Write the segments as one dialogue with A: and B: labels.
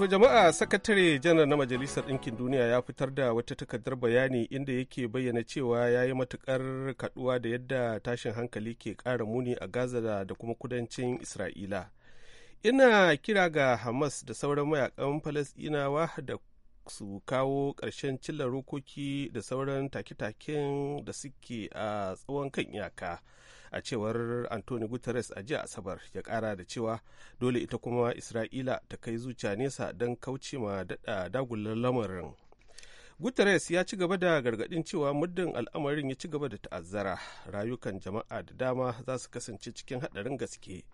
A: To jama'a sakatare janar na Majalisar Ɗinkin Duniya ya fitar da wata takardar bayani inda yake bayyana cewa ya yi matukar kaduwa da yadda tashin hankali ke ƙara muni a Gaza da kuma kudancin Isra'ila. Ina kira ga Hamas da sauran mayakan Falasɗinawa da su kawo ƙarshen cillar rokoki da sauran take-taken da suke a tsawon kan iyaka. a cewar antoni guterres a jiya asabar ya kara da cewa dole ita kuma isra'ila ta kai zuciya nesa don kauce ma dagulan lamarin guterres ya ci gaba da gargadin cewa muddin al'amarin ya ci gaba da ta'azzara rayukan jama'a da dama za su kasance cikin haɗarin gaske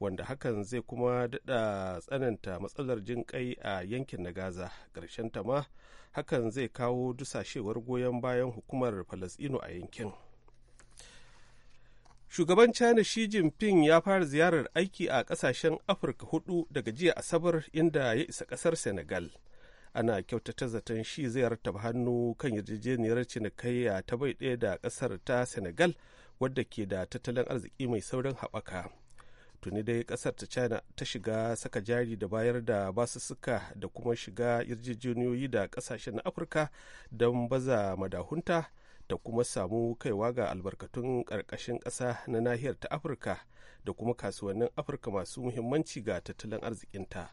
A: wanda hakan zai kuma daɗa tsananta matsalar jin kai a yankin na gaza ƙarshen ta ma hakan zai kawo dusashewar goyon bayan hukumar falasino a yankin shugaban china xi jinping ya fara ziyarar aiki a kasashen afirka hudu daga jiya asabar inda ya isa kasar senegal ana kyautata zaton shi zai rataba hannu kan yarjejeniyar cinikayya ta bai ɗaya da ƙasar ta senegal wadda ke da tattalin arziki mai saurin haɓaka tuni dai ƙasar ta china ta shiga saka jari da bayar da basussuka da kuma shiga yarjejeniyoyi da ƙasashen afirka don baza madahunta da kuma samu kaiwa ga albarkatun ƙarƙashin ƙasa na nahiyar ta afirka da kuma kasuwannin afirka masu muhimmanci ga tattalin arzikinta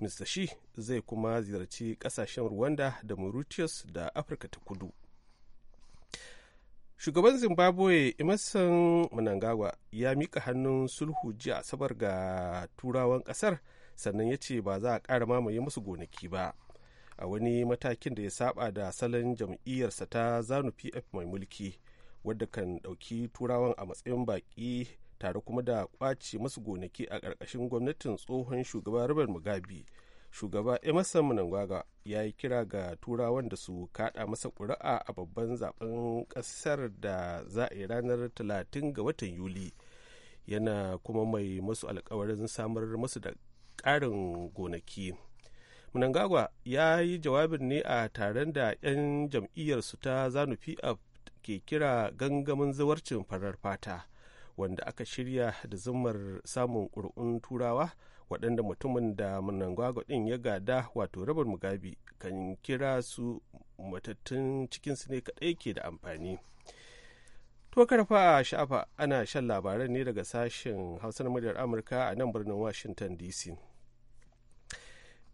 A: mista shi zai kuma ziyarci ƙasashen rwanda da mauritius da afirka ta kudu shugaban zimbabwe emerson mnangagwa ya miƙa hannun sulhu jiya asabar ga turawan ƙasar sannan ya ce ba za a ƙara mamaye musu gonaki ba a wani matakin da ya saba da salon jam'iyyarsa ta zanu pf mai mulki wadda kan ɗauki turawan a matsayin baƙi tare kuma da ƙwace masu gonaki a ƙarƙashin gwamnatin tsohon shugaba robert mugabe shugaba emerson mnangagwa ya yi kira ga turawan da su kaɗa masa ƙuri'a a babban zaben ƙasar da za a yi ranar 30 ga watan yuli yana kuma mai masu alkawarin samar masu da ƙarin gonaki Mnangagwa ya yi jawabin ne a taron da 'yan jam'iyyarsu ta Zanu PF ke kira gangamin zawarcin farar fata wanda aka shirya da zumar samun ƙuri'un turawa waɗanda mutumin da Mnangagwa ɗin ya gada wato rabar mugabi kan kira su matattun cikinsu ne kaɗai ke da amfani. To karfa a sha'afa ana shan labaran ne daga sashen Hausa na muryar Amurka a nan birnin Washington DC.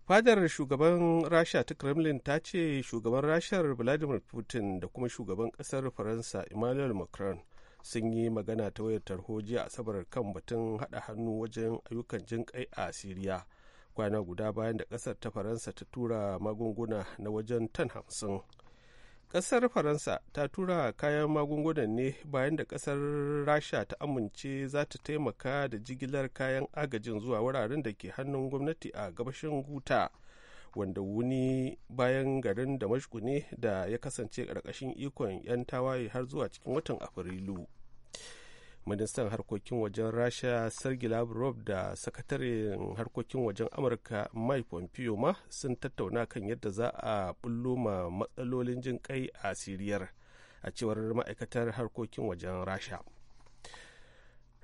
A: fadar shugaban rasha ta kremlin ta ce shugaban rashar vladimir putin da kuma shugaban kasar faransa emmanuel macron sun yi magana ta wayar tarho jiya asabar kan batun hada hannu wajen ayyukan jin kai a siriya kwana guda bayan da kasar ta faransa ta tura magunguna na wajen tan hamsin kasar Faransa ta tura kayan magungunan ne bayan da kasar Rasha ta amince za ta taimaka da jigilar kayan agajin zuwa wuraren da ke hannun gwamnati a gabashin Guta, wanda wuni bayan garin da ne da ya kasance ƙarƙashin ikon 'yan tawaye har zuwa cikin watan Afrilu. ministan harkokin wajen rasha sergei lavrov da sakataren harkokin wajen amurka mike pompeo ma sun tattauna kan yadda za a bullo ma matsalolin jin kai a siriyar a cewar ma'aikatar harkokin wajen rasha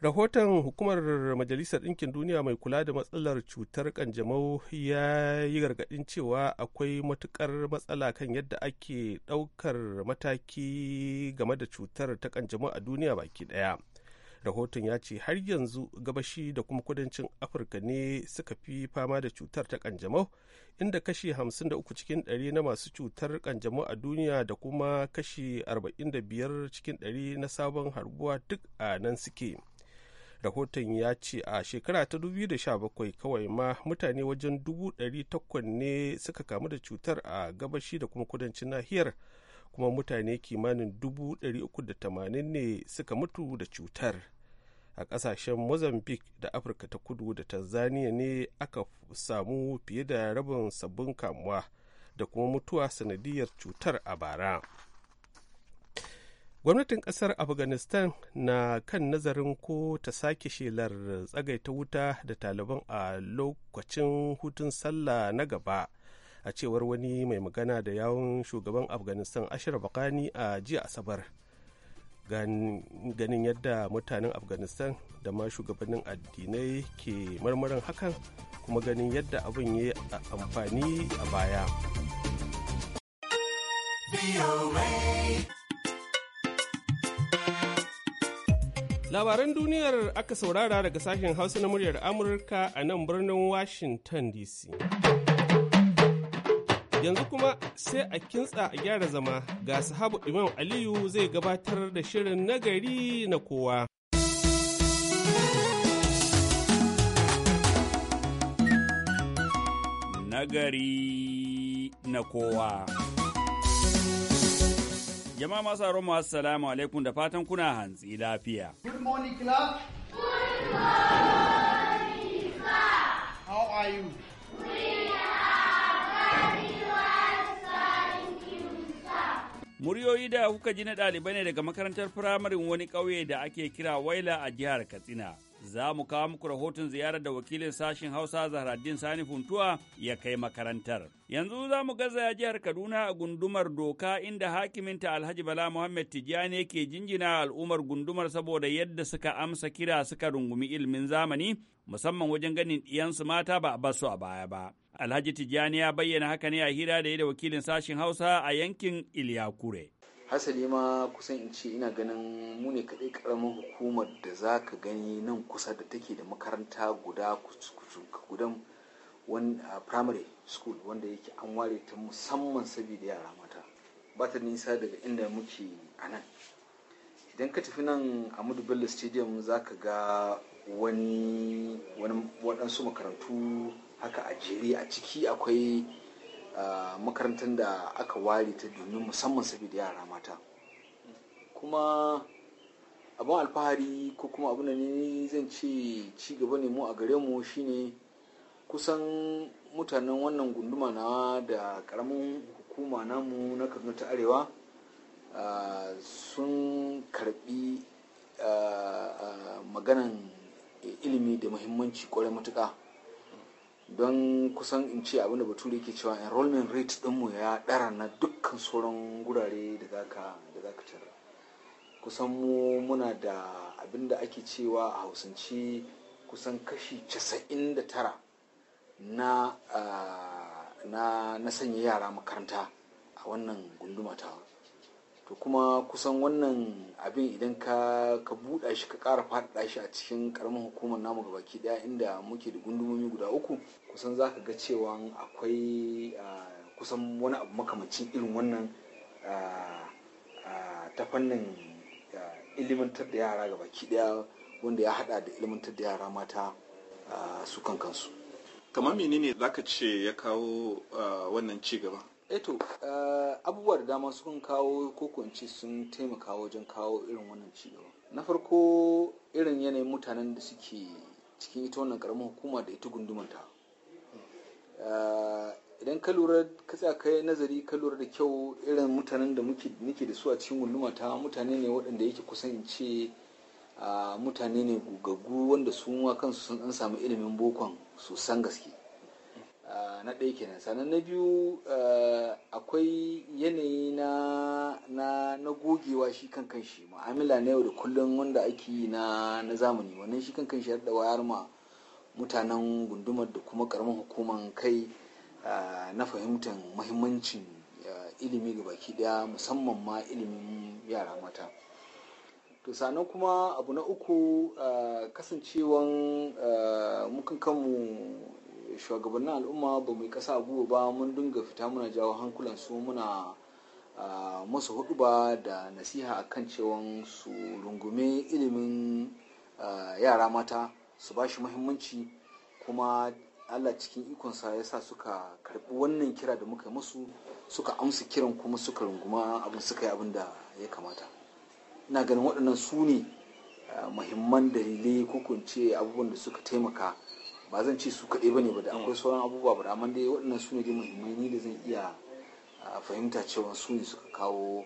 A: rahoton hukumar majalisar ɗinkin duniya mai kula da matsalar cutar kanjamau ya yi gargaɗin cewa akwai matuƙar matsala kan yadda ake ɗaukar mataki game da cutar ta kanjamau a duniya baki ɗaya rahoton ya ce har yanzu gabashi da kuma kudancin afirka ne suka fi fama da cutar ta kanjamau inda kashi 53 cikin 100 na masu cutar kanjamau a duniya da kuma kashi 45 cikin 100 na sabon harbuwa duk a nan suke rahoton ya ce a shekara ta 2017 kawai ma mutane wajen 800 ne suka kamu da cutar a gabashi da kuma kudancin nahiyar kuma mutane kimanin 380 ne suka mutu da cutar. a kasashen mozambique da afirka ta kudu da tanzania ne aka samu fiye da rabin sabbin kamuwa da kuma mutuwa sanadiyar cutar a bara gwamnatin kasar afghanistan na kan nazarin ko ta sake shelar tsagaita wuta da taliban a lokacin hutun sallah na gaba a cewar wani mai magana da yawon shugaban afghanistan ashraf bakani a jiya asabar ganin yadda mutanen afghanistan da ma shugabannin addinai ke marmarin hakan kuma ganin yadda abin ya amfani a baya labaran duniyar aka saurara daga sashen hausa na muryar amurka a nan birnin washington dc Yanzu kuma sai a kintsa a gyara zama ga sahabu Imam Aliyu zai gabatar da shirin nagari na kowa.
B: Nagari na kowa. Jama'a masu aromu assalamu alaikum da fatan kuna hantsi lafiya.
C: Good morning, class. Good morning, sir. How are you?
B: Muryoyi da kuka ji na ɗalibai ne daga makarantar firamarin wani ƙauye da ake kira Waila a jihar Katsina. Za mu kawo muku rahoton ziyarar da wakilin sashen Hausa Zahraddin Sani Funtuwa ya kai makarantar. Yanzu za mu gaza jihar Kaduna a gundumar doka inda hakiminta Alhaji Bala Muhammad Tijjani ke jinjina al'ummar gundumar saboda yadda suka amsa kira suka rungumi ilimin zamani musamman wajen ganin ɗiyansu mata ba a basu a baya ba. Alhaji Tijjani ya bayyana haka ne a hira da ya da wakilin sashen Hausa a yankin Iliyakure.
D: Hasali ma kusan in ce ina ganin mu ne kaɗai ƙaramin hukumar da za ka gani nan kusa da take da makaranta guda gudan wani primary school wanda yake an ware ta musamman saboda yara mata ba ta nisa daga inda muke a nan idan ka tafi nan a bello stadium za ka ga wani waɗansu makarantu haka a jere a ciki akwai makarantar da aka ware ta domin musamman saboda yara mata kuma abin alfahari ko kuma abin da ne zan ce ci gaba ne mu a gare mu shine kusan mutanen wannan gunduma na da karamin hukuma namu na kaduna ta arewa sun karbi maganan ilimi da muhimmanci kwarai matuka don kusan in ce abinda bature ke cewa enrollment rate dinmu ya ɗara na dukkan sauran gurare da za ka tara kusan mu muna da abinda ake cewa a hausance kusan kashi 99 ah, na na sanya yara makaranta a wannan gunduma ta to kuma kusan wannan abin idan ka ka buɗa shi ka ƙara faɗaɗa shi a cikin ƙaramin hukumar namu ga baki ɗaya inda muke da gundumomi guda uku kusan za ka ga cewa akwai kusan wani abu makamancin irin wannan ta fannin ilimantar da yara ga baki ɗaya wanda ya haɗa da ilimantar da yara mata su kansu kamar menene zaka ce ya kawo wannan ci gaba eto eh eh, abubuwa da dama sun kawo ko sun taimaka wajen kawo irin wannan cigaba na farko irin yanayin mutanen da suke cikin ita wannan karamin hukuma da ita gundumanta eh, idan ka lura ka tsaya kai nazari ka lura da kyau irin mutanen da muke da su a cikin gundumata mutane ne waɗanda yake kusan ce ah, mutane ne gugaggu wanda su ma kansu sun an samu ilimin bokon sosan gaske Ah, na ɗaya kenan sannan na biyu ah, akwai yanayi na gogewa shi kan kan shi ma'amila na yau da kullum wanda ake yi na zamani wannan shi kan kan shi da wayar ma mutanen gundumar da kuma karamin hukuman kai ah, na fahimtar mahimmancin ilimi ga baki daya musamman ma ilimin yara mata to sannan kuma abu na uku kasancewan mukan kanmu shugabannin al'umma ba mu kasa guba ba mun dinga fita muna jawo hankulan su muna masu hudu ba da nasiha a kan cewan su rungume ilimin yara mata su ba shi muhimmanci kuma allah cikin ikonsa ya sa suka karbi wannan kira da muka musu suka amsa kiran kuma suka runguma abin suka yi abin da ya kamata ina ganin waɗannan su ne muhimman dalilai ko kunce abubuwan da suka taimaka ba zan ce su kaɗai ba ne ba da mm. akwai sauran abubuwa ba da amma dai waɗannan su ne dai muhimmai ni da zan iya fahimta cewa su ne suka kawo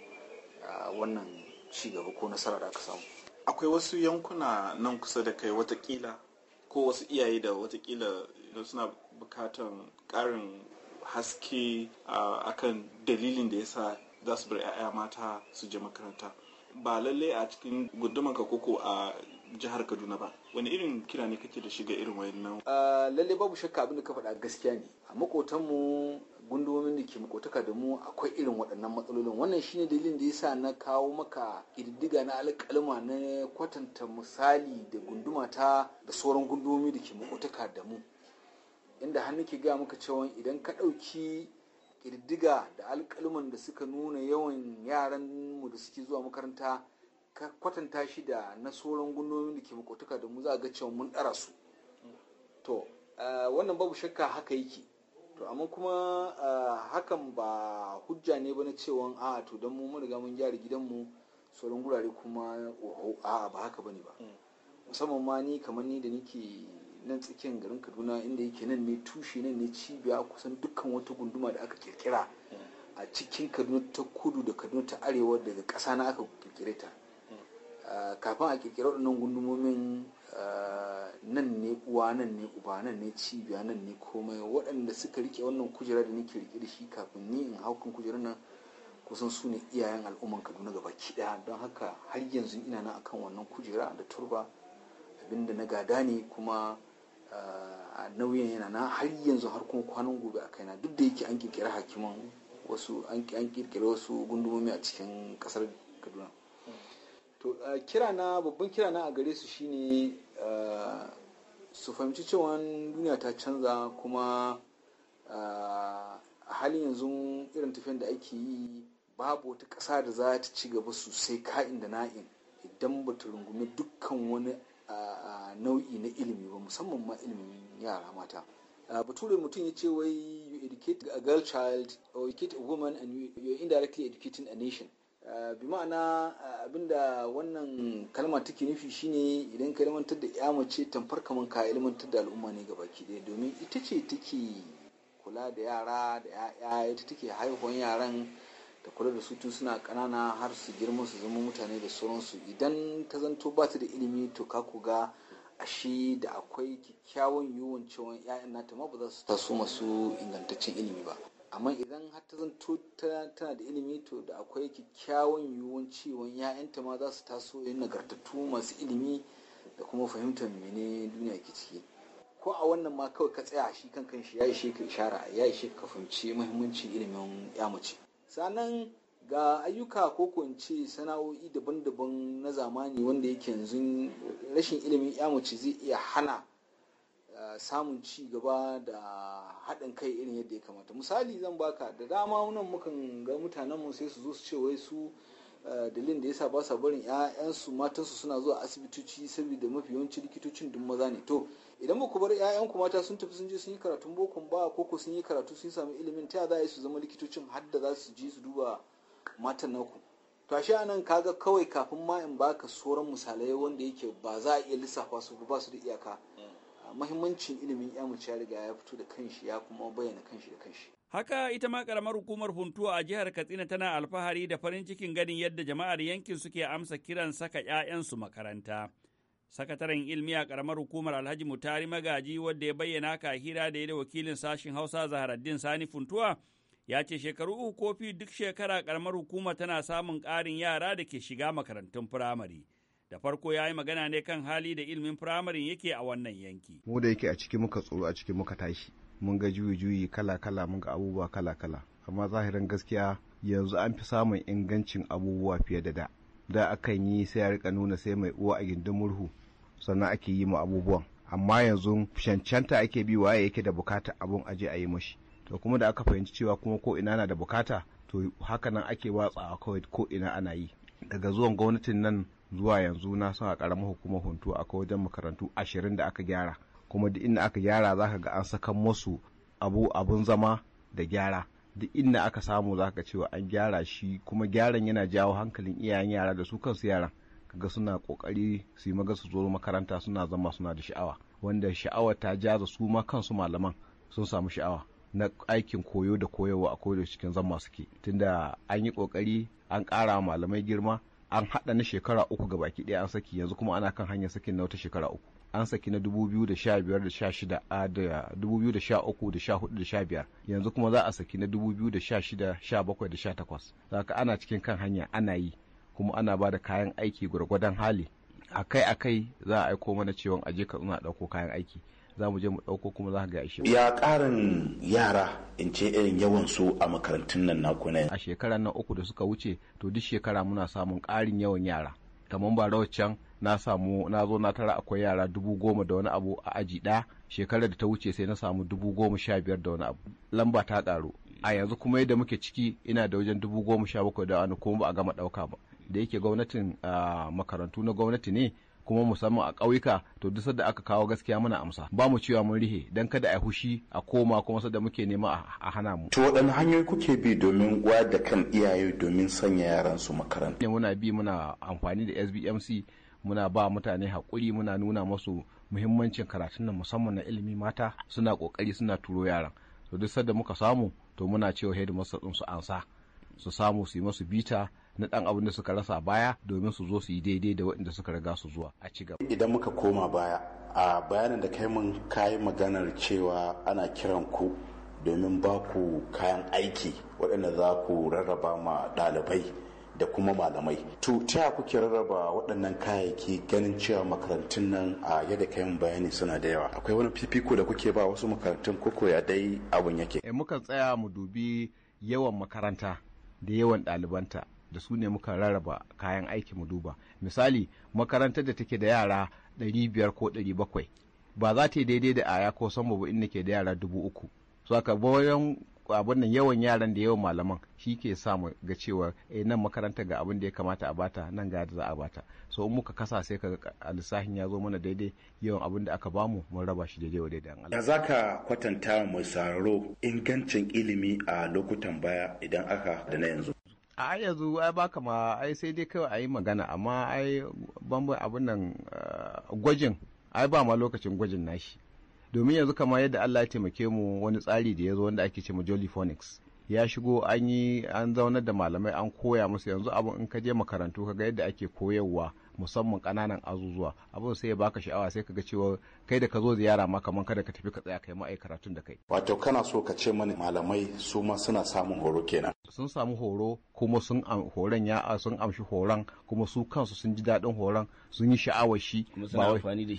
D: wannan ci gaba ko nasara da aka samu akwai wasu yankuna nan kusa da kai watakila ko wasu iyaye da watakila suna bukatan ƙarin haske akan dalilin da yasa za su bar 'ya'ya mata su je makaranta ba lalle a cikin gundumar ka koko a jihar Kaduna ba wani irin kira ne kake da shiga irin wayannan lalle babu shakka abin da ka faɗa gaskiya ne a makotan mu gundumomin da ke makotaka da mu akwai irin waɗannan matsalolin wannan shine dalilin da yasa na kawo maka ƙididdiga na alƙalma na kwatanta misali da gunduma ta da sauran gundumomi da ke makotaka da mu inda hannu ke gaya maka cewa idan ka ɗauki kirdiga da alƙalman da suka nuna yawan yaran mu da suke zuwa makaranta ka kwatanta shi da na sauran gundumomin da ke makotuka da mu za a ga cewa mun ɗara su to wannan babu shakka haka yake to amma kuma hakan ba hujja ne ba na cewa a to don mu riga mun gyara gidan mu sauran gurare kuma a ba haka bane ba hmm. musamman ma ni kamar ni da nike nan tsakiyar garin kaduna inda yake nan ne tushe nan ne cibiya kusan dukkan wata gunduma da aka kirkira a cikin kaduna ta kudu da kaduna ta arewa daga ƙasa na aka kirkire ta kafin a kirkira waɗannan gundumomin nan ne uwa nan ne uba nan ne cibiya nan ne komai waɗanda suka rike wannan kujera da nake rike da shi kafin ni in haukan kujerar nan kusan su ne iyayen al'umman kaduna gaba ɗaya don haka har yanzu ina nan akan wannan kujera da turba abinda na gada ne kuma nauyin yana na har yanzu har kuma kwanan gobe a kaina duk da yake an kirkiri hakiman wasu an kirkiri wasu gundumomi a cikin kasar kaduna to kira na babban kira na a gare su shine su fahimci cewa duniya ta canza kuma a halin yanzu irin tafiyan da ake yi babu wata ƙasa da za ta ci gaba sosai ka'in da na'in idan ba ta rungumi dukkan wani nau'i na ilimi ba musamman ma ilimin yara mata bature mutum ya ce wai you educate a girl child or educate a woman and you, are indirectly educating a nation bi ma'ana abinda wannan kalma take nufi shine idan ka ilmantar da ya mace tamfar kaman ka ilmantar da al'umma ne ga baki ɗaya domin ita ce take kula da yara da ya'ya ita take haihuwan yaran ta kula da su tun suna kanana har su girma su zama mutane da sauransu idan ta zanto ba ta da ilimi to ka ku ga ashe da akwai kyakkyawan yiwuwan cewa 'ya'yan nata ma ba za su taso masu ingantaccen ilimi ba amma idan har ta zanto tana da ilimi to da akwai kyakkyawan yiwuwan cewa 'ya'yanta ma za su taso yin nagartattu masu ilimi da kuma fahimtar mene duniya ke ciki ko a wannan ma kawai ka tsaya shi kan kanshi ya ishe ka ishara ya ishe ka fahimci muhimmancin ilimin ya mace sannan ga ayyuka ko kwanci sana'o'i daban-daban na zamani wanda yake yanzu rashin ilimin ya mace zai iya hana eh, samun ci gaba da haɗin kai irin yadda ya kamata misali zan baka da dama nan mukan ga mutanenmu sai su zo su ce wai su eh, dalilin da yasa ba sa barin 'ya'yansu matansu suna zuwa asibitoci saboda mafi yawanci likitocin duk maza ne to idan ba ku bar ƴaƴanku mata sun tafi sun je sun yi karatun boko ba ko ku sun yi karatu sun samu ilimin ta za a yi su zama likitocin har da za su je su duba matan naku to ashe anan kaga kawai kafin ma in baka sauran misalai wanda yake ba za a iya lissafa su ba su da iyaka hmm. muhimmancin ilimin ya mu ya riga ya fito da kanshi ya kuma bayyana kanshi da kanshi
B: Haka ita ma karamar hukumar Huntuwa a jihar Katsina tana alfahari da farin cikin ganin yadda jama'ar yankin suke amsa kiran saka 'ya'yansu makaranta. Sakataren ilmi a karamar hukumar Alhaji Mutari Magaji wadda ya bayyana ka hira da ya da wakilin sashen Hausa Zaharaddin Sani Funtuwa ya ce shekaru uku kofi duk shekara karamar hukuma tana samun karin yara da ke shiga makarantun firamare. da farko ya yi magana ne kan hali da ilmin firamare yake a wannan yanki.
E: Mu da yake a ciki muka tsoro a ciki muka tashi, mun ga juyi-juyi kala-kala mun ga abubuwa kala-kala. Amma zahirin gaskiya yanzu an fi samun ingancin abubuwa fiye da da. Da akan yi sai ya rika nuna sai mai uwa a gindin murhu sannan ake yi ma abubuwan amma yanzu cancanta ake bi waye yake da bukata abun aje a yi mashi to kuma da aka fahimci cewa kuma ko ina na da bukata to haka nan ake watsawa kawai ko ina ana yi daga zuwan gwamnatin nan zuwa yanzu na san a karamar hukumar huntu akwai wajen makarantu ashirin da aka gyara kuma duk inda aka gyara zaka ga an sakan musu abu abun zama da gyara duk inda aka samu zaka cewa an gyara shi kuma gyaran yana jawo hankalin iyayen yara da su kansu yaran kaga suna kokari su yi maga su zo makaranta suna zama suna da sha'awa wanda sha'awa ta jaza su ma kansu malaman sun samu sha'awa na aikin koyo da koyarwa a koyo cikin zama suke tunda an yi kokari an ƙara malamai girma an haɗa na shekara uku ga baki ɗaya an saki yanzu kuma ana kan hanyar sakin na wata shekara uku an saki na 2015 da 2013 da da yanzu kuma za a saki na 2016 17 da 18 ka ana cikin kan hanya ana yi kuma ana ba da kayan aiki gwargwadon hali akai akai za a aiko mana cewa je ka zuna dauko kayan aiki za mu je mu dauko kuma za ka ga shi. ya
F: ƙarin yara in ce irin yawan su a makarantun nan naku ne a shekarar nan uku
E: da suka wuce to duk shekara muna samun karin yawan yara kamar ba rawar na samu na zo na tara akwai yara dubu goma da wani abu a aji ɗaya shekarar da ta wuce sai na samu dubu goma sha biyar da wani abu lamba ta ƙaru a yanzu kuma yadda muke ciki ina da wajen dubu goma sha bakwai da wani kuma ba a gama ɗauka ba da yake gwamnatin makarantu na gwamnati ne kuma musamman a ƙauyuka to duk sadda aka kawo gaskiya muna amsa ba mu cewa mun rihe dan kada a hushi a koma kuma sadda muke nema a hana mu
F: to waɗanne hanyoyi kuke bi domin da kan iyaye domin sanya yaran
E: su makaranta muna bi muna amfani da SBMC muna ba mutane hakuri muna nuna masu muhimmancin karatun nan musamman na ilimi mata suna kokari suna turo yaran to duk sadda muka samu to muna cewa headmaster din su ansa su samu su yi masu bita na ɗan abin da suka rasa baya domin su zo su yi daidai da waɗanda suka riga su zuwa a ci
F: gaba idan muka koma baya a bayanin da kai mun kayi maganar cewa ana kiran ku domin ba ku kayan aiki waɗanda za ku rarraba ma ɗalibai da kuma malamai to ta kuke rarraba waɗannan kayayyaki ganin cewa makarantun nan a yadda mun bayani suna da yawa akwai wani fifiko da kuke ba wasu makarantun koko ya dai abun yake e,
E: eh, Muka tsaya mu dubi yawan makaranta da yawan ɗalibanta da su ne muka rarraba kayan aiki mu duba misali makarantar da take da yara ɗari biyar ko 700 ba za ta yi daidai da aya ko sama ba inda ke da yara dubu uku so aka bayan abin nan yawan yaran da yawan malaman shi ke sa mu ga cewa eh nan makaranta ga abin da ya kamata a bata nan ga da za a bata so in muka kasa sai ka lissafin ya zo mana daidai yawan abin da aka bamu mun raba shi daidai wa daidai Allah za ka
F: kwatanta mai sararo ingancin ilimi a lokutan baya idan aka da na yanzu
E: a yanzu ai baka ma ai sai dai kawai a yi magana amma ai bambam abin eh, gwajin ai ba ma lokacin gwajin nashi domin yanzu kamar yadda Allah ya taimake mu wani tsari da ya zo wanda ake ce mu Jolly Phonics ya shigo an yi an zaunar da malamai an koya musu yanzu abin in ka je makarantu ka ga yadda ake koyarwa musamman kananan azuzuwa abin sai ya baka sha'awa sai ka ga cewa kai da ka zo ziyara ma kamar kada ka tafi ka tsaya kai ma'ai karatun da kai
F: wato kana so ka ce mani malamai su ma suna samun horo kenan
E: sun samu horo kuma sun horon ya sun amshi horon kuma su kansu sun ji daɗin horon sun yi sha'awar shi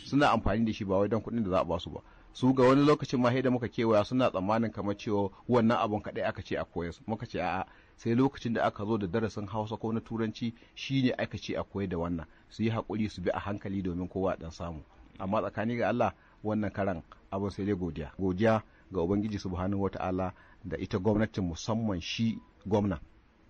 E: suna amfani da shi ba wai don kuɗin da za a ba su ba su ga wani lokacin ma da muka kewaya suna tsammanin kamar cewa wannan abun kaɗai aka ce a koyas muka ce a'a sai lokacin da aka zo da darasin hausa ko na turanci shine aka ce a koyar da wannan su yi haƙuri su bi a hankali domin kowa dan samu amma tsakani ga Allah wannan karan abin sai dai godiya godiya ga ubangiji subhanahu wataala da ita gwamnatin musamman shi gwamna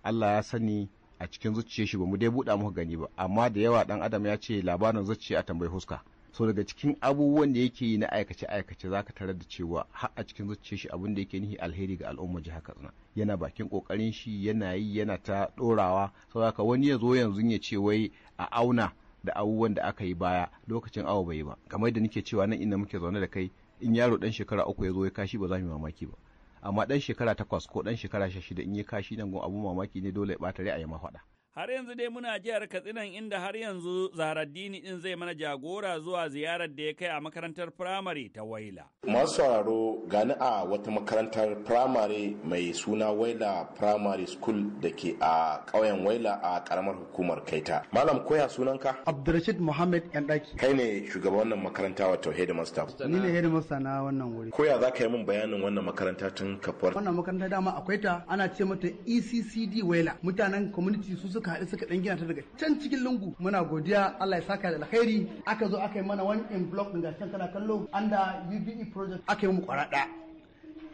E: Allah ya sani a cikin zuciyar shi ba mu dai buɗa muka gani ba amma da yawa ɗan adam ya ce labarin zuciya a tambayi fuska. so daga cikin abubuwan da yake yi na aikace aikace zaka tarar da cewa har a cikin zuciyar shi abin da yake nihi alheri ga al'umma jiha Katsina yana bakin kokarin shi yana yi yana ta dorawa saboda wani ya zo yanzu ya ce wai a auna da abubuwan da aka yi baya lokacin awa bai ba kamar da nake cewa nan inda muke zaune da kai in yaro dan shekara uku ya zo ya kashi ba za mu mamaki ba amma dan shekara takwas ko dan shekara shida in ya kashi nan gun abun mamaki ne dole ya bata
F: rai a yi mafaɗa
B: Har yanzu dai muna jihar Katsinan inda har yanzu Zaharaddini din zai mana jagora zuwa ziyarar da ya kai a makarantar firamare ta Waila.
F: Masu sauraro gani a wata makarantar firamare mai suna Waila Primary School da ke a ƙauyen Waila a ƙaramar hukumar Kaita. Malam
C: koya sunanka? Abdurrashid Muhammad daki?
F: Kai ne shugaban wannan makaranta wato headmaster.
C: Ni ne headmaster na wannan wuri.
F: Koya za ka yi min bayanin wannan makaranta tun kafar? Wannan
C: makaranta dama akwai ta ana ce mata ECCD Waila. Mutanen community su suka haɗu suka ɗan gina ta daga can cikin lungu muna godiya Allah ya saka da alkhairi aka zo aka yi mana wani in block ɗin gashin kana kallo under UBE project aka yi mu kwaraɗa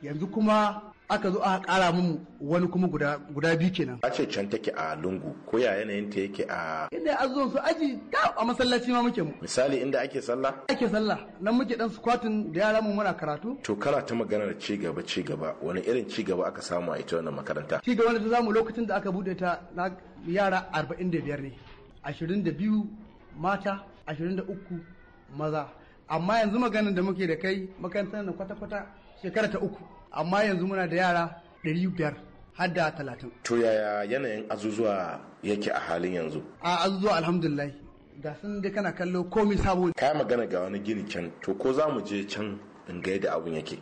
C: yanzu kuma aka zo aka kara mun wani kuma guda guda biyu kenan a ce can
F: take a lungu ko ya yanayin ta yake a
C: inda a zo su aji ta a masallaci ma muke mu misali inda ake sallah ake sallah nan muke dan squatin da yaran mu muna karatu to kala ta maganar
F: ci gaba ci gaba wani irin ci gaba aka samu a ita wannan makaranta ci
C: gaba da ta zamu lokacin da aka bude ta na yara 45 ne 22 mata 23 maza amma yanzu maganin da muke da kai makarantar na kwata-kwata shekara ta uku amma yanzu muna da yara 500 har da talatin.
F: To yaya yanayin azuzuwa yake a halin yanzu?
C: A azuzuwa alhamdulillah da sun dai kana kallo komi sabo. Kaya
F: magana ga wani gini can to ko za mu je can in ga yadda abun yake.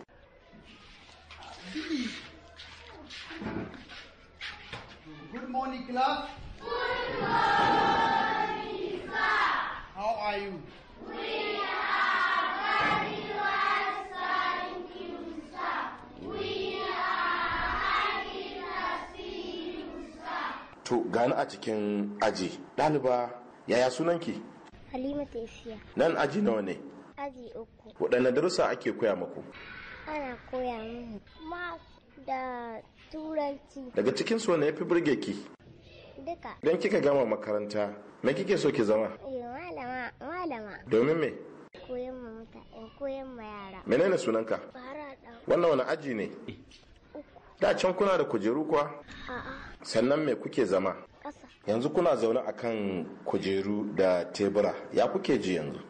C: Good morning class.
G: Good morning sir.
C: How are you? We
F: to gani a cikin aji ɗaliba yaya sunanki
H: halima tafiya
F: nan aji nawa ne
H: aji uku
F: waɗanne darussa ake koya muku
H: ana koya muku ma da turanci daga
F: cikin su ne ya fi burge ki duka idan kika gama makaranta me kike so ki zama
H: eh, malama
F: malama domin me koyan ma mutane koyan ma yara menene sunanka wannan wani aji ne eh. da can kuna da kujeru kuwa sannan me kuke zama yanzu kuna zaune a kan kujeru da tebura ya kuke ji yanzu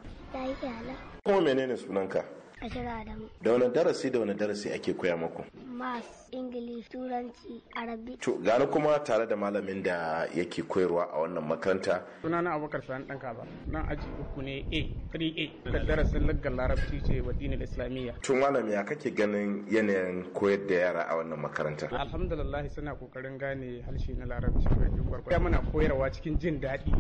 F: kuma menene sunanka a shirya da Da wani darasi da wani darasi ake koya muku?
H: Mas, Ingilis, Turanci, Arabi. To gani kuma
F: tare da malamin da yake koyarwa a wannan makaranta.
H: Suna na abokar sa'an ɗan kaba. Nan aji uku ne A, 3A. Da darasin laggar larabci ce wa dinin Islamiyya.
F: To malami ya kake ganin yanayin koyar da yara a wannan makaranta?
H: Alhamdulillah suna kokarin gane harshe na larabci. Ya muna koyarwa cikin jin daɗi.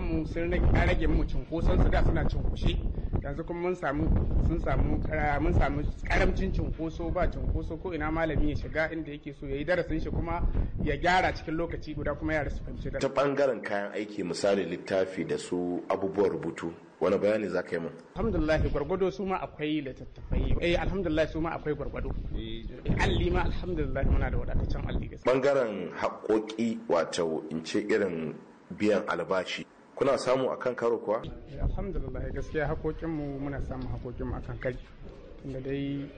H: mu sun rage mu cunkoson su da suna cunkushe. Yanzu kuma mun samu sun samu mun samu karamcin cunkoso ba cunkoso ko ina malami ya shiga inda yake so ya yi darasin shi kuma ya gyara cikin lokaci guda kuma yara su fahimci ta bangaren
F: kayan aiki misali littafi da su abubuwan rubutu wani bayani za ka yi mun
H: alhamdulillah gwargwado su ma akwai littattafai eh alhamdulillah su ma akwai gwargwado eh, eh alli ma alhamdulillah muna da wadataccen alli gaskiya
F: bangaren haƙoƙi wato in ce irin biyan albashi kuna samu a kan karo kuwa
H: eh, alhamdulillah gaskiya hakokin mu muna samun hakokin a kan kari tunda dai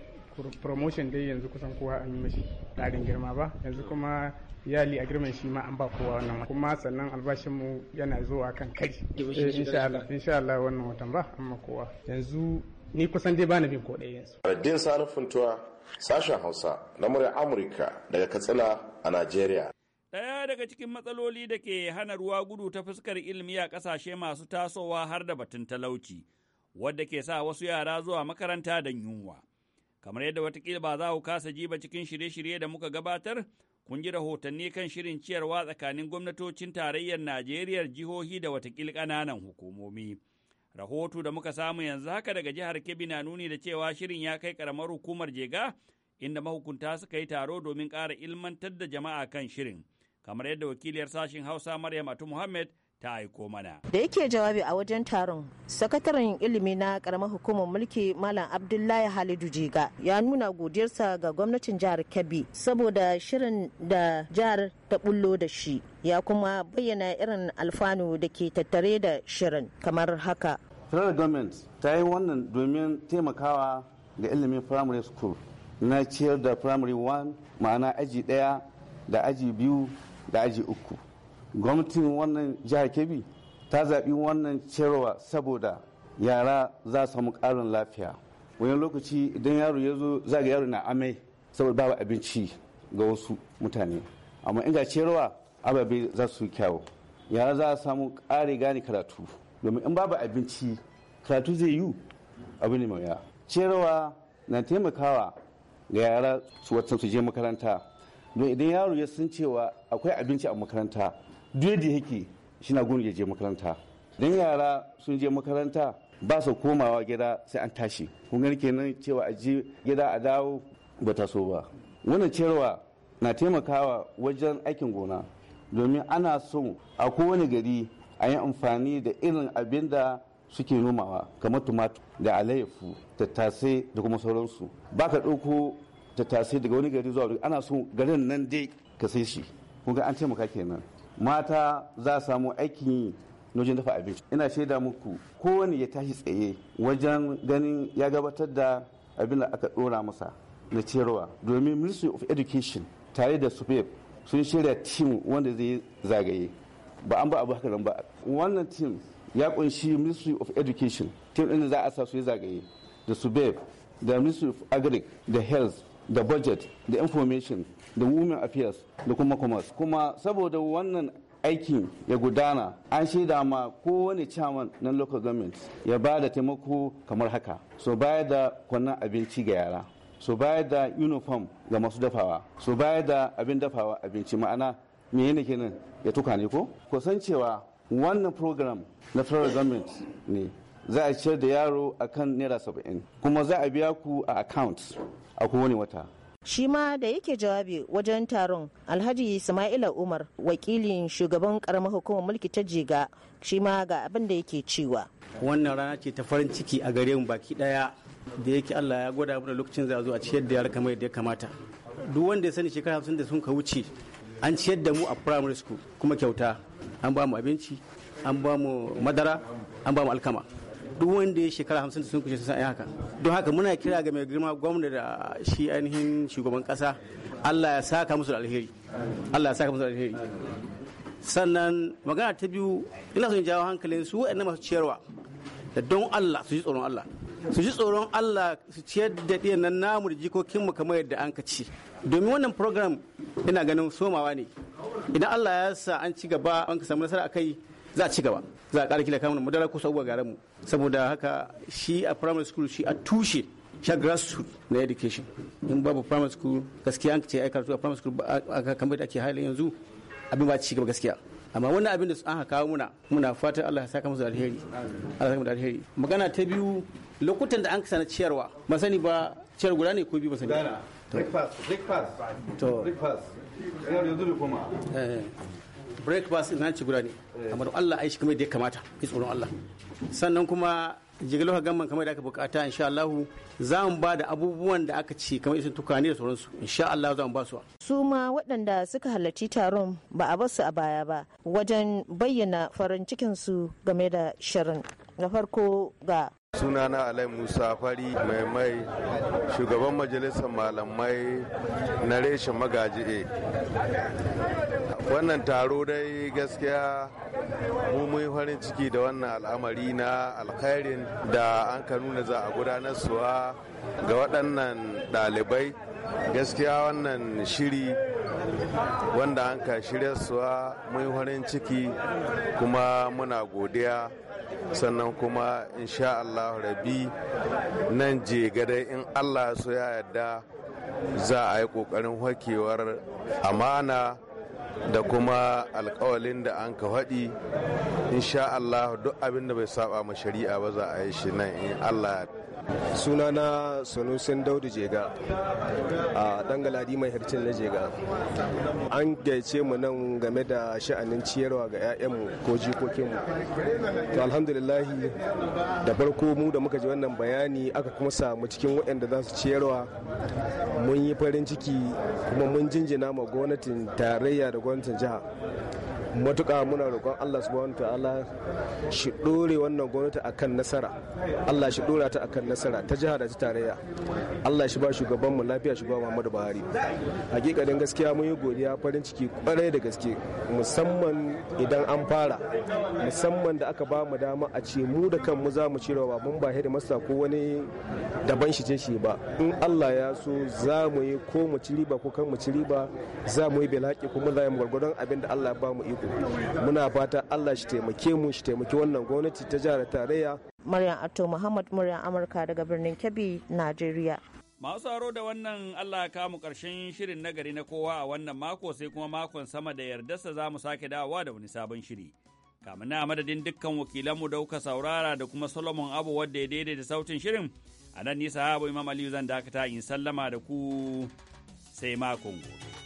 H: promotion dai yanzu kusan kowa an yi mashi ƙarin girma ba yanzu kuma yali a girman shi ma an ba kowa wannan kuma sannan albashin mu yana zuwa kan kai eh, insha Allah wannan watan ba amma kowa yanzu ni kusan dai bana bin ko yanzu
F: Raddin Sani Funtuwa sashen Hausa na murya Amurka daga Katsina a Najeriya
B: Ɗaya daga cikin matsaloli da ke hana ruwa gudu ta fuskar ilimi a ƙasashe masu tasowa har da batun talauci, wadda ke sa wasu yara zuwa makaranta don yunwa. Kamar yadda watakila ba za ku kasa ji ba cikin shirye-shirye da muka gabatar, kun ji rahotanni kan shirin ciyarwa tsakanin gwamnatocin tarayyar Najeriya jihohi da watakila ƙananan hukumomi. Rahoto da muka samu yanzu haka daga jihar Kebbi na nuni da cewa shirin ya kai ƙaramar hukumar Jega, inda mahukunta suka yi taro domin ƙara ilmantar da jama'a kan shirin. kamar yadda wakiliyar sashen hausa maryam atu muhammad ta aiko mana.
I: Da yake jawabi a wajen taron, sakataren ilimi na karamar hukumar mulki Malam Abdullahi Halidu Jiga ya nuna godiyarsa ga gwamnatin jihar Kebbi saboda shirin da jihar ta bullo da shi. Ya kuma bayyana irin alfanu da ke tattare da shirin kamar haka.
J: Federal government ta yi wannan domin taimakawa ga ilimin primary school na ciyar da primary one ma'ana aji daya da aji biyu da aji uku gwamnatin wannan jihar kebbi ta zaɓi wannan cewa saboda yara za su samu ƙarin lafiya wani lokaci idan yaro ya zo za ga yaro na amai saboda babu abinci ga wasu mutane amma in ga cewa ababe za su kyawo yara za su samu ƙare gane karatu domin in babu abinci karatu zai yi abu ne mai cewa na taimakawa ga yara su watan su je makaranta don idan yaro ya san cewa akwai abinci a makaranta duk da yake na gudu je makaranta don yara sun je makaranta ba su komawa gida sai an tashi kun gani kenan cewa a je gida a dawo ba ta so ba wannan cewa na taimakawa wajen aikin gona domin ana so a kowane gari a yi amfani da irin abin da suke nomawa kamar tumatu da alayyafu tattasai da kuma sauransu ba ka ɗauko ta tasiri daga wani gari zuwa ana so garin nan dai ka sai shi kun an taimaka kenan mata za a samu aikin yi na wajen dafa abinci ina shaida muku kowane ya tashi tsaye wajen ganin ya gabatar da abin da aka dora masa na cerowa domin ministry of education tare da supep sun shirya tim wanda zai zagaye ba an ba abu haka ba wannan tim ya kunshi ministry of education tim din da za a sa su yi zagaye da subeb da ministry of agric da health da budget da information da women affairs da kuma commerce kuma saboda wannan aikin ya gudana an shaida ma kowane chairman na local government ya ba da taimako kamar haka so baya da kwanan abinci ga yara so baya da uniform ga masu dafawa so baya da abin dafawa abinci ma'ana me ne kenan ya tuka ne ko kusan cewa wannan program na federal government ne za a ciyar da yaro a kan naira saba'in kuma za a biya ku a account a kowane
K: wata
I: shi ma da yake jawabi wajen taron alhaji ismaila umar wakilin shugaban karamar hukumar mulki ta jiga shi ma ga abin da yake cewa
K: wannan rana ce ta farin ciki a gare mu baki daya da yake allah ya gwada mana lokacin za a zo a ciyar da yara kamar yadda ya kamata duk wanda ya sani shekara hamsin da sun ka wuce an ciyar da mu a primary school kuma kyauta an ba mu abinci an ba mu madara an ba mu alkama duk wanda ya shekara hamsin da sun kushe sun haka don haka muna kira ga mai girma gwamna da shi ainihin shugaban kasa Allah ya saka musu da alheri Allah ya saka musu da alheri sannan magana ta biyu ina son jawo hankalin su wa'anda masu ciyarwa da don Allah su ji tsoron Allah su ji tsoron Allah su ciyar da ɗiyan nan namu da jikokinmu kamar yadda an ka ci domin wannan program ina ganin somawa ne idan Allah ya sa an ci gaba an ka samu nasara a kai za a ci gaba za a ƙara kila kamar madara ko sabuwa garan mu saboda haka shi a primary school shi a tushe sha grassroots na education in babu primary school gaskiya an ce aikata karatu a primary school kamar da ake halin yanzu abin ba ci gaba gaskiya amma wannan abin da su an kawo muna muna fatan Allah ya saka musu alheri Allah ya saka musu alheri magana ta biyu lokutan da an kasa na ciyarwa ba sani ba ciyar guda ne ko biyu ba sani
J: breakfast breakfast breakfast yanzu da kuma
K: eh. breakfast ina ci gura ne eh. amma Allah aishi kamar da ya kamata yi tsoron Allah sannan kuma jigilar hagamman kamar da aka bukata insha Allah za mu ba da abubuwan da aka ci kamar isin tukani da sauransu insha Allah za mu ba su
I: su ma waɗanda suka halarci taron ba a basu a baya ba wajen bayyana farin cikin su game da shirin na farko ga
F: sunana alai musa fari mai mai shugaban majalisar malamai na reshen magaji wannan taro dai gaskiya mu mun farin ciki da wannan al'amari na alkhairin da an ka nuna za a gudanar suwa ga waɗannan ɗalibai gaskiya wannan shiri wanda an ka shirya suwa mun farin ciki kuma muna godiya sannan kuma insha Allah rabi nan je gadai in Allah so ya yarda za a yi ƙoƙarin hakewar amana da kuma alkawalin da an ka faɗi insha Allah duk abin da bai saba ma shari'a ba za
G: a yi shi nan in Allah sunana sanusin daudu jega a dangaladi mai harcin na jega an gaice mu nan game da sha'anin ciyarwa ga 'ya'yanmu ko jikokinmu to alhamdulillah da farko mu da muka ji wannan bayani aka kuma samu cikin waɗanda za su ciyarwa mun yi farin ciki kuma mun jinjina ma gwamnatin tarayya da gwamnatin jiha matuƙa muna roƙon Allah subhanahu ta'ala shi ɗore wannan gwamnati akan nasara Allah shi ɗora ta akan nasara ta jiha da ta tarayya Allah shi ba shugaban mu lafiya shugaban Muhammadu Buhari hakikanin gaskiya mun yi godiya farin ciki kwarai da gaske musamman idan an fara musamman da aka ba mu dama a ce mu da kanmu za mu wa mun ba da masa ko wani daban shi je shi ba in Allah ya so za mu yi ko mu ci riba ko kan mu ci riba za mu yi bilaki kuma za mu gwargwadon abin da Allah ya ba mu iko muna fata allah shi taimake mu shi taimake wannan gwamnati ta jihar tarayya
I: maryam ato muhammad murya amurka daga birnin kebbi najeriya
B: Masu aro da wannan Allah ka mu ƙarshen shirin nagari na kowa a wannan mako sai kuma makon sama da yardarsa za mu sake dawowa da wani sabon shiri. Kamin na madadin dukkan wakilanmu da kuka saurara da kuma Solomon Abu wadda ya daidaita sautin shirin a nan nisa abu Imam Aliyu zan dakata in sallama da ku sai makon gobe.